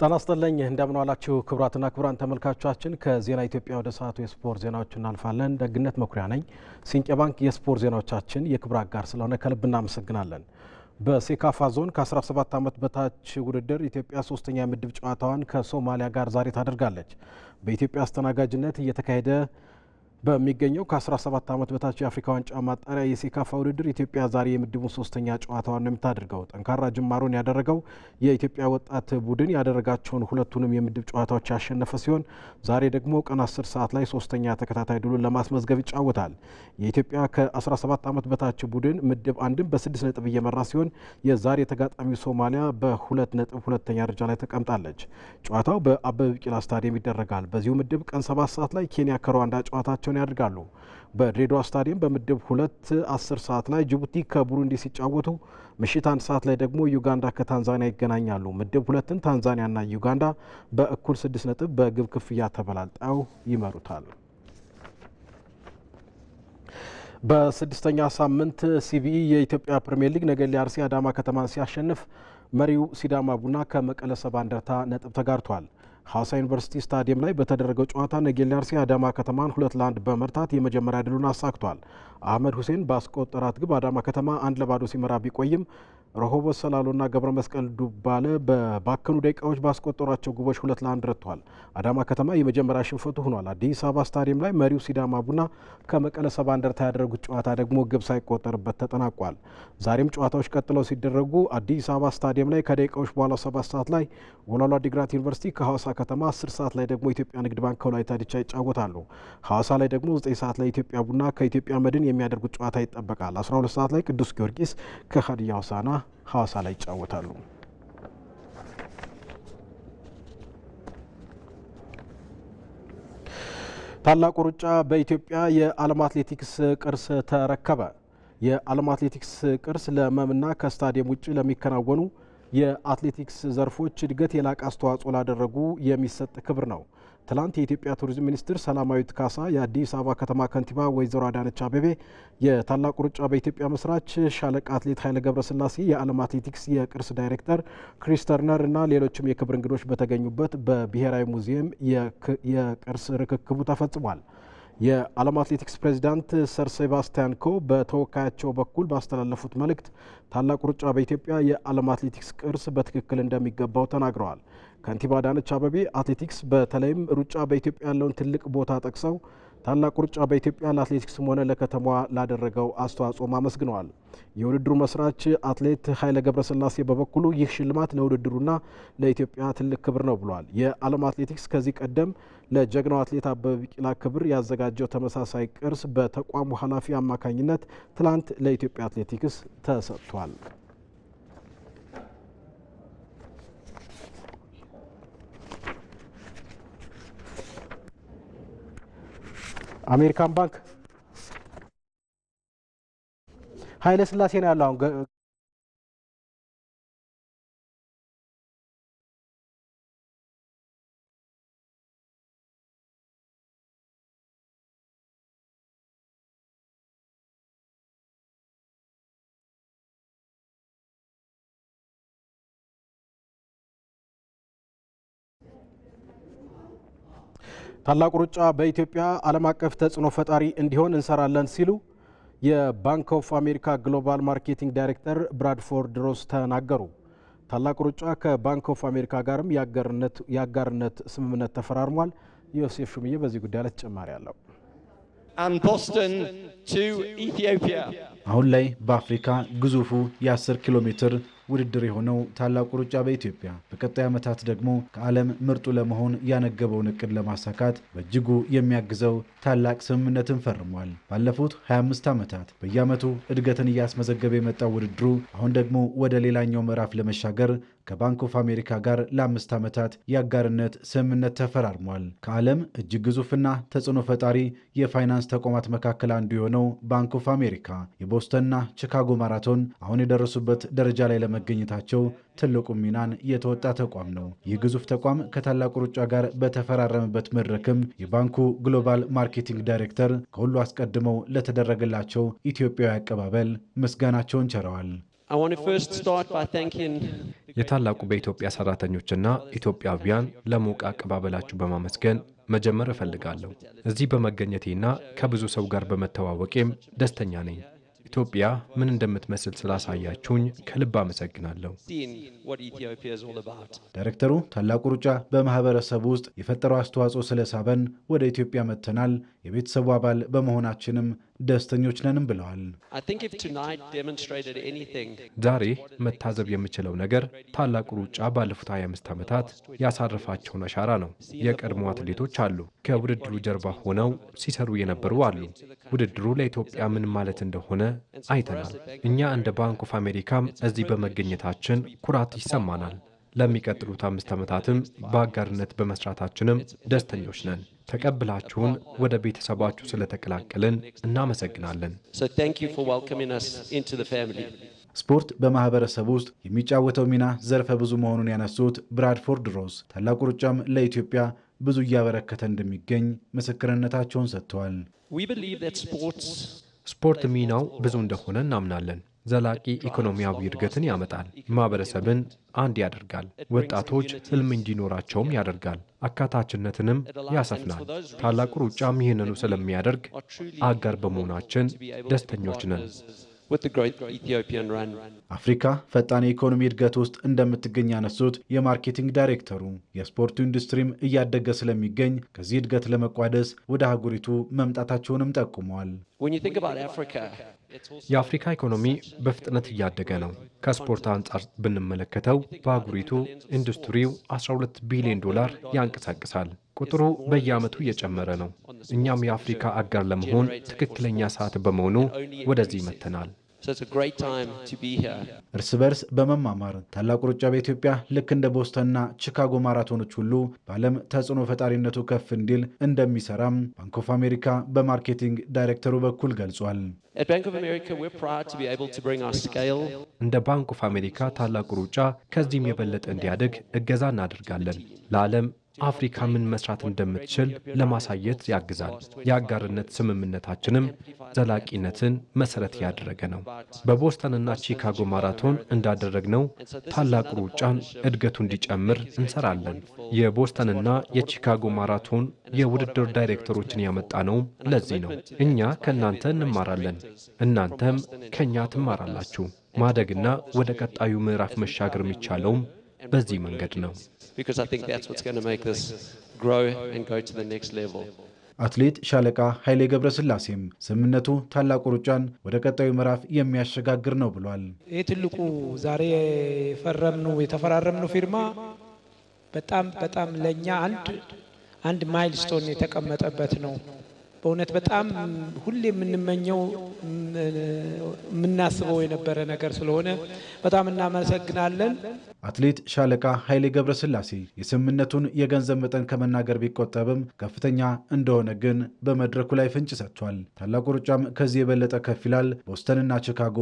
ጤና ይስጥልኝ እንደምን ዋላችሁ ክቡራትና ክቡራን ተመልካቾቻችን። ከዜና ኢትዮጵያ ወደ ሰዓቱ የስፖርት ዜናዎች እናልፋለን። ደግነት መኩሪያ ነኝ። ሲንቄ ባንክ የስፖርት ዜናዎቻችን የክብር አጋር ስለሆነ ከልብ እናመሰግናለን። በሴካፋ ዞን ከ17 ዓመት በታች ውድድር ኢትዮጵያ ሶስተኛ የምድብ ጨዋታዋን ከሶማሊያ ጋር ዛሬ ታደርጋለች። በኢትዮጵያ አስተናጋጅነት እየተካሄደ በሚገኘው ከ17 ዓመት በታች የአፍሪካ ዋንጫ ማጣሪያ የሴካፋ ውድድር ኢትዮጵያ ዛሬ የምድቡን ሶስተኛ ጨዋታዋን ነው የምታደርገው። ጠንካራ ጅማሮን ያደረገው የኢትዮጵያ ወጣት ቡድን ያደረጋቸውን ሁለቱንም የምድብ ጨዋታዎች ያሸነፈ ሲሆን ዛሬ ደግሞ ቀን 10 ሰዓት ላይ ሶስተኛ ተከታታይ ድሉን ለማስመዝገብ ይጫወታል። የኢትዮጵያ ከ17 ዓመት በታች ቡድን ምድብ አንድም በስድስት ነጥብ እየመራ ሲሆን የዛሬ ተጋጣሚ ሶማሊያ በሁለት ነጥብ ሁለተኛ ደረጃ ላይ ተቀምጣለች። ጨዋታው በአበበ ቢቂላ ስታዲየም ይደረጋል። በዚሁ ምድብ ቀን 7 ሰዓት ላይ ኬንያ ከሩዋንዳ ጨዋታቸው ጨዋታቸውን ያደርጋሉ። በድሬዳዋ ስታዲየም በምድብ ሁለት አስር ሰዓት ላይ ጅቡቲ ከቡሩንዲ ሲጫወቱ ምሽት አንድ ሰዓት ላይ ደግሞ ዩጋንዳ ከታንዛኒያ ይገናኛሉ። ምድብ ሁለትን ታንዛኒያና ዩጋንዳ በእኩል ስድስት ነጥብ በግብ ክፍያ ተበላልጠው ይመሩታል። በስድስተኛ ሳምንት ሲቢኢ የኢትዮጵያ ፕሪምየር ሊግ ነገሌ አርሲ አዳማ ከተማን ሲያሸንፍ መሪው ሲዳማ ቡና ከመቀለ ሰባ እንደርታ ነጥብ ተጋርቷል። ሐዋሳ ዩኒቨርሲቲ ስታዲየም ላይ በተደረገው ጨዋታ ነጌሌ አርሲ አዳማ ከተማን ሁለት ለአንድ በመርታት የመጀመሪያ ድሉን አሳክቷል። አህመድ ሁሴን ባስቆጠራት ግብ አዳማ ከተማ አንድ ለባዶ ሲመራ ቢቆይም ረሆቦት ሰላሎና ገብረ መስቀል ዱባለ በባከኑ ደቂቃዎች ባስቆጠሯቸው ግቦች ሁለት ለአንድ ረትተዋል። አዳማ ከተማ የመጀመሪያ ሽንፈቱ ሆኗል። አዲስ አበባ ስታዲየም ላይ መሪው ሲዳማ ቡና ከመቀለ ሰባ እንደርታ ያደረጉት ጨዋታ ደግሞ ግብ ሳይቆጠርበት ተጠናቋል። ዛሬም ጨዋታዎች ቀጥለው ሲደረጉ አዲስ አበባ ስታዲየም ላይ ከደቂቃዎች በኋላ ሰባት ሰዓት ላይ ወላሉ አዲግራት ዩኒቨርሲቲ ከሐዋሳ ከተማ አስር ሰዓት ላይ ደግሞ ኢትዮጵያ ንግድ ባንክ ከወላይታ ዲቻ ይጫወታሉ። ሐዋሳ ላይ ደግሞ ዘጠኝ ሰዓት ላይ ኢትዮጵያ ቡና ከኢትዮጵያ መድን የሚያደርጉት ጨዋታ ይጠበቃል። አስራ ሁለት ሰዓት ላይ ቅዱስ ጊዮርጊስ ከሀዲያ ሆሳዕና ሐዋሳ ላይ ይጫወታሉ። ታላቁ ሩጫ በኢትዮጵያ የዓለም አትሌቲክስ ቅርስ ተረከበ። የዓለም አትሌቲክስ ቅርስ ለመምና ከስታዲየም ውጭ ለሚከናወኑ የአትሌቲክስ ዘርፎች እድገት የላቀ አስተዋጽኦ ላደረጉ የሚሰጥ ክብር ነው። ትላንት የኢትዮጵያ ቱሪዝም ሚኒስትር ሰላማዊት ካሳ፣ የአዲስ አበባ ከተማ ከንቲባ ወይዘሮ አዳነች አቤቤ፣ የታላቁ ሩጫ በኢትዮጵያ መስራች ሻለቃ አትሌት ኃይለ ገብረስላሴ፣ የዓለም አትሌቲክስ የቅርስ ዳይሬክተር ክሪስ ተርነር እና ሌሎችም የክብር እንግዶች በተገኙበት በብሔራዊ ሙዚየም የቅርስ ርክክቡ ተፈጽሟል። የዓለም አትሌቲክስ ፕሬዚዳንት ሰር ሴባስቲያን ኮ በተወካያቸው በኩል ባስተላለፉት መልእክት ታላቁ ሩጫ በኢትዮጵያ የዓለም አትሌቲክስ ቅርስ በትክክል እንደሚገባው ተናግረዋል። ከንቲባ አዳነች አበቤ አትሌቲክስ በተለይም ሩጫ በኢትዮጵያ ያለውን ትልቅ ቦታ ጠቅሰው ታላቁ ሩጫ በኢትዮጵያ ለአትሌቲክስም ሆነ ለከተማዋ ላደረገው አስተዋጽኦም አመስግነዋል። የውድድሩ መስራች አትሌት ኃይለ ገብረስላሴ በበኩሉ ይህ ሽልማት ለውድድሩና ለኢትዮጵያ ትልቅ ክብር ነው ብሏል። የዓለም አትሌቲክስ ከዚህ ቀደም ለጀግናው አትሌት አበበ ቢቂላ ክብር ያዘጋጀው ተመሳሳይ ቅርስ በተቋሙ ኃላፊ አማካኝነት ትላንት ለኢትዮጵያ አትሌቲክስ ተሰጥቷል። አሜሪካን ባንክ ኃይለ ስላሴ ነው ያለው አሁን ታላቁ ሩጫ በኢትዮጵያ ዓለም አቀፍ ተጽዕኖ ፈጣሪ እንዲሆን እንሰራለን ሲሉ የባንክ ኦፍ አሜሪካ ግሎባል ማርኬቲንግ ዳይሬክተር ብራድፎርድ ሮስ ተናገሩ። ታላቁ ሩጫ ከባንክ ኦፍ አሜሪካ ጋርም የአጋርነት ስምምነት ተፈራርሟል። ዮሴፍ ሹምዬ በዚህ ጉዳይ ላይ ተጨማሪ አለው። አሁን ላይ በአፍሪካ ግዙፉ የ10 ኪሎ ሜትር ውድድር የሆነው ታላቁ ሩጫ በኢትዮጵያ በቀጣይ ዓመታት ደግሞ ከዓለም ምርጡ ለመሆን ያነገበውን እቅድ ለማሳካት በእጅጉ የሚያግዘው ታላቅ ስምምነትን ፈርሟል። ባለፉት 25 ዓመታት በየዓመቱ እድገትን እያስመዘገበ የመጣው ውድድሩ አሁን ደግሞ ወደ ሌላኛው ምዕራፍ ለመሻገር ከባንክ ኦፍ አሜሪካ ጋር ለአምስት ዓመታት የአጋርነት ስምምነት ተፈራርሟል። ከዓለም እጅግ ግዙፍና ተጽዕኖ ፈጣሪ የፋይናንስ ተቋማት መካከል አንዱ የሆነው ባንክ ኦፍ አሜሪካ የቦስተንና ቺካጎ ማራቶን አሁን የደረሱበት ደረጃ ላይ ለመገኘታቸው ትልቁ ሚናን የተወጣ ተቋም ነው። ይህ ግዙፍ ተቋም ከታላቁ ሩጫ ጋር በተፈራረመበት መድረክም የባንኩ ግሎባል ማርኬቲንግ ዳይሬክተር ከሁሉ አስቀድመው ለተደረገላቸው ኢትዮጵያዊ አቀባበል ምስጋናቸውን ቸረዋል። የታላቁ በኢትዮጵያ ሰራተኞችና ኢትዮጵያውያን ለሞቀ አቀባበላችሁ በማመስገን መጀመር እፈልጋለሁ። እዚህ በመገኘቴና ከብዙ ሰው ጋር በመተዋወቄም ደስተኛ ነኝ። ኢትዮጵያ ምን እንደምትመስል ስላሳያችሁኝ ከልብ አመሰግናለሁ። ዳይሬክተሩ ታላቁ ሩጫ በማህበረሰቡ ውስጥ የፈጠረው አስተዋጽኦ ስለሳበን ወደ ኢትዮጵያ መጥተናል። የቤተሰቡ አባል በመሆናችንም ደስተኞች ነንም ብለዋል። ዛሬ መታዘብ የምችለው ነገር ታላቁ ሩጫ ባለፉት 25 ዓመታት ያሳረፋቸውን አሻራ ነው። የቀድሞ አትሌቶች አሉ፣ ከውድድሩ ጀርባ ሆነው ሲሰሩ የነበሩ አሉ። ውድድሩ ለኢትዮጵያ ምን ማለት እንደሆነ አይተናል። እኛ እንደ ባንክ ኦፍ አሜሪካም እዚህ በመገኘታችን ኩራት ይሰማናል። ለሚቀጥሉት አምስት ዓመታትም በአጋርነት በመስራታችንም ደስተኞች ነን። ተቀብላችሁን ወደ ቤተሰባችሁ ስለተቀላቀልን እናመሰግናለን። ስፖርት በማህበረሰብ ውስጥ የሚጫወተው ሚና ዘርፈ ብዙ መሆኑን ያነሱት ብራድፎርድ ሮዝ ታላቁ ሩጫም ለኢትዮጵያ ብዙ እያበረከተ እንደሚገኝ ምስክርነታቸውን ሰጥተዋል። ስፖርት ሚናው ብዙ እንደሆነ እናምናለን። ዘላቂ ኢኮኖሚያዊ እድገትን ያመጣል። ማህበረሰብን አንድ ያደርጋል። ወጣቶች ህልም እንዲኖራቸውም ያደርጋል። አካታችነትንም ያሰፍናል። ታላቁ ሩጫም ይህንኑ ስለሚያደርግ አጋር በመሆናችን ደስተኞች ነን። አፍሪካ ፈጣን የኢኮኖሚ እድገት ውስጥ እንደምትገኝ ያነሱት የማርኬቲንግ ዳይሬክተሩ የስፖርቱ ኢንዱስትሪም እያደገ ስለሚገኝ ከዚህ እድገት ለመቋደስ ወደ አህጉሪቱ መምጣታቸውንም ጠቁመዋል። የአፍሪካ ኢኮኖሚ በፍጥነት እያደገ ነው። ከስፖርት አንጻር ብንመለከተው በአህጉሪቱ ኢንዱስትሪው 12 ቢሊዮን ዶላር ያንቀሳቅሳል። ቁጥሩ በየዓመቱ እየጨመረ ነው። እኛም የአፍሪካ አጋር ለመሆን ትክክለኛ ሰዓት በመሆኑ ወደዚህ መጥተናል። እርስ በርስ በመማማር ታላቁ ሩጫ በኢትዮጵያ ልክ እንደ ቦስተንና ቺካጎ ማራቶኖች ሁሉ በዓለም ተጽዕኖ ፈጣሪነቱ ከፍ እንዲል እንደሚሰራም ባንክ ኦፍ አሜሪካ በማርኬቲንግ ዳይሬክተሩ በኩል ገልጿል። እንደ ባንክ ኦፍ አሜሪካ ታላቁ ሩጫ ከዚህም የበለጠ እንዲያደግ እገዛ እናደርጋለን። ለዓለም አፍሪካ ምን መስራት እንደምትችል ለማሳየት ያግዛል። የአጋርነት ስምምነታችንም ዘላቂነትን መሰረት ያደረገ ነው። በቦስተንና ቺካጎ ማራቶን እንዳደረግነው ታላቁ ሩጫን እድገቱ እንዲጨምር እንሰራለን። የቦስተንና የቺካጎ ማራቶን የውድድር ዳይሬክተሮችን ያመጣ ነው። ለዚህ ነው እኛ ከእናንተ እንማራለን፣ እናንተም ከእኛ ትማራላችሁ። ማደግና ወደ ቀጣዩ ምዕራፍ መሻገር የሚቻለውም በዚህ መንገድ ነው። አትሌት ሻለቃ ኃይሌ ገብረስላሴም ስምምነቱ ታላቁ ሩጫን ወደ ቀጣዩ ምዕራፍ የሚያሸጋግር ነው ብሏል። ይህ ትልቁ ዛሬ የፈረምነው የተፈራረምነው ፊርማ በጣም በጣም ለእኛ አንድ አንድ ማይልስቶን የተቀመጠበት ነው። በእውነት በጣም ሁሌ የምንመኘው የምናስበው የነበረ ነገር ስለሆነ በጣም እናመሰግናለን። አትሌት ሻለቃ ኃይሌ ገብረስላሴ የስምምነቱን የገንዘብ መጠን ከመናገር ቢቆጠብም ከፍተኛ እንደሆነ ግን በመድረኩ ላይ ፍንጭ ሰጥቷል። ታላቁ ሩጫም ከዚህ የበለጠ ከፍ ይላል፣ ቦስተንና ቺካጎ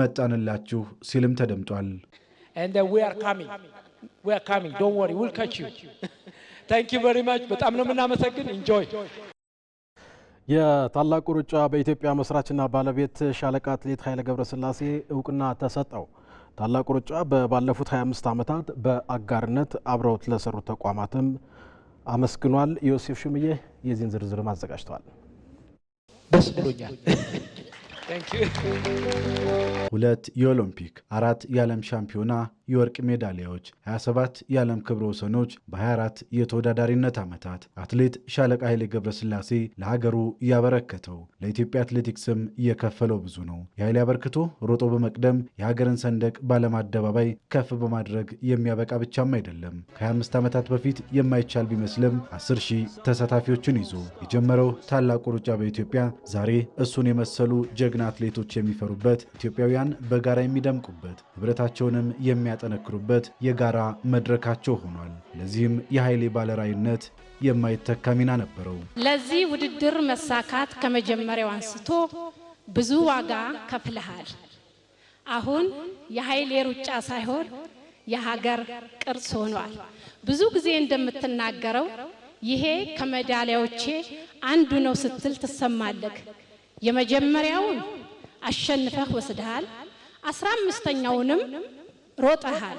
መጣንላችሁ ሲልም ተደምጧል። uh, በጣም ነው የምናመሰግን ኢንጆይ የታላቁ ሩጫ በኢትዮጵያ መስራችና ባለቤት ሻለቃ አትሌት ኃይሌ ገብረስላሴ እውቅና ተሰጠው። ታላቁ ሩጫ ባለፉት 25 ዓመታት በአጋርነት አብረውት ለሰሩት ተቋማትም አመስግኗል። ዮሴፍ ሹምዬ የዚህን ዝርዝርም አዘጋጅተዋል። ደስ ብሎኛል። ሁለት የኦሎምፒክ አራት የዓለም ሻምፒዮና የወርቅ ሜዳሊያዎች፣ 27 የዓለም ክብረ ወሰኖች በ24 የተወዳዳሪነት ዓመታት አትሌት ሻለቃ ኃይሌ ገብረስላሴ ለሀገሩ እያበረከተው ለኢትዮጵያ አትሌቲክስም እየከፈለው ብዙ ነው። የኃይሌ አበርክቶ ሮጦ በመቅደም የሀገርን ሰንደቅ በዓለም አደባባይ ከፍ በማድረግ የሚያበቃ ብቻም አይደለም። ከ25 ዓመታት በፊት የማይቻል ቢመስልም 10 ሺህ ተሳታፊዎችን ይዞ የጀመረው ታላቁ ሩጫ በኢትዮጵያ ዛሬ እሱን የመሰሉ ጀግና አትሌቶች የሚፈሩበት፣ ኢትዮጵያውያን በጋራ የሚደምቁበት፣ ህብረታቸውንም የሚያ የሚያጠነክሩበት የጋራ መድረካቸው ሆኗል። ለዚህም የኃይሌ ባለራዕይነት የማይተካ ሚና ነበረው። ለዚህ ውድድር መሳካት ከመጀመሪያው አንስቶ ብዙ ዋጋ ከፍለሃል። አሁን የኃይሌ ሩጫ ሳይሆን የሀገር ቅርስ ሆኗል። ብዙ ጊዜ እንደምትናገረው ይሄ ከሜዳሊያዎቼ አንዱ ነው ስትል ትሰማለህ። የመጀመሪያውን አሸንፈህ ወስደሃል። አስራ አምስተኛውንም ሮጠሃል።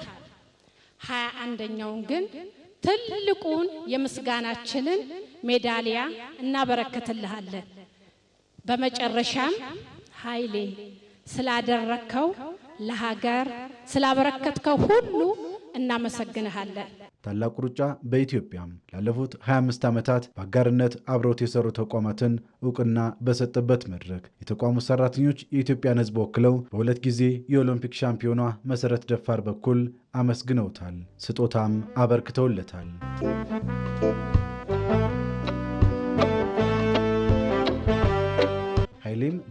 ሀያ አንደኛውን ግን ትልቁን የምስጋናችንን ሜዳሊያ እናበረክትልሃለን። በመጨረሻም ኃይሌ ስላደረከው ለሀገር ስላበረከትከው ሁሉ እናመሰግንሃለን። ታላቁ ሩጫ በኢትዮጵያ ላለፉት 25 ዓመታት በአጋርነት አብረውት የሰሩ ተቋማትን እውቅና በሰጠበት መድረክ የተቋሙ ሰራተኞች የኢትዮጵያን ሕዝብ ወክለው በሁለት ጊዜ የኦሎምፒክ ሻምፒዮኗ መሰረት ደፋር በኩል አመስግነውታል፣ ስጦታም አበርክተውለታል።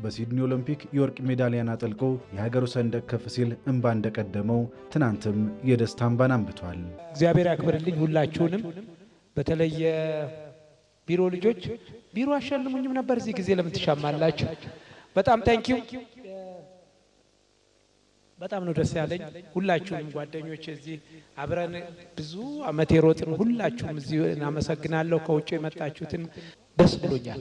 በሲድኒ ኦሎምፒክ የወርቅ ሜዳሊያን አጥልቆ የሀገሩ ሰንደቅ ከፍ ሲል እንባ እንደቀደመው ትናንትም የደስታ እንባን አንብቷል። እግዚአብሔር ያክብርልኝ ሁላችሁንም። በተለየ ቢሮ ልጆች ቢሮ አሸልሙኝም ነበር እዚህ ጊዜ ለምን ትሻማላችሁ? በጣም ታንኪው። በጣም ነው ደስ ያለኝ። ሁላችሁም ጓደኞች እዚህ አብረን ብዙ አመት የሮጥን ሁላችሁም እዚህ እናመሰግናለሁ። ከውጭ የመጣችሁትን ደስ ብሎኛል።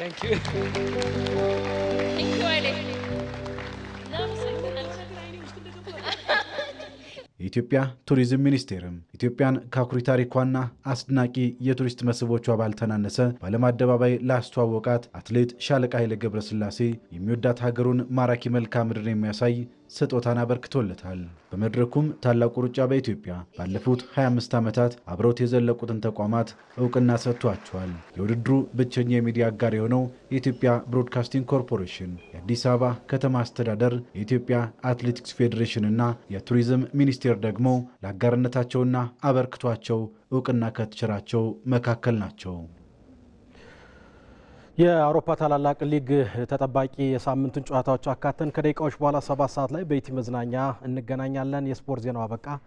Thank you. የኢትዮጵያ ቱሪዝም ሚኒስቴርም ኢትዮጵያን ከአኩሪ ታሪኳና አስደናቂ የቱሪስት መስህቦቿ ባልተናነሰ በዓለም አደባባይ ላስተዋወቃት አትሌት ሻለቃ ኃይለ ገብረስላሴ የሚወዳት ሀገሩን ማራኪ መልክዓ ምድርን የሚያሳይ ስጦታን አበርክቶለታል። በመድረኩም ታላቁ ሩጫ በኢትዮጵያ ባለፉት 25 ዓመታት አብረውት የዘለቁትን ተቋማት እውቅና ሰጥቷቸዋል። የውድድሩ ብቸኛ የሚዲያ አጋር የሆነው የኢትዮጵያ ብሮድካስቲንግ ኮርፖሬሽን የአዲስ አበባ ከተማ አስተዳደር፣ የኢትዮጵያ አትሌቲክስ ፌዴሬሽንና የቱሪዝም ሚኒስቴር ደግሞ ለአጋርነታቸውና አበርክቷቸው እውቅና ከተቸራቸው መካከል ናቸው። የአውሮፓ ታላላቅ ሊግ ተጠባቂ የሳምንቱን ጨዋታዎች አካተን ከደቂቃዎች በኋላ ሰባት ሰዓት ላይ በኢቲ መዝናኛ እንገናኛለን። የስፖርት ዜናው አበቃ።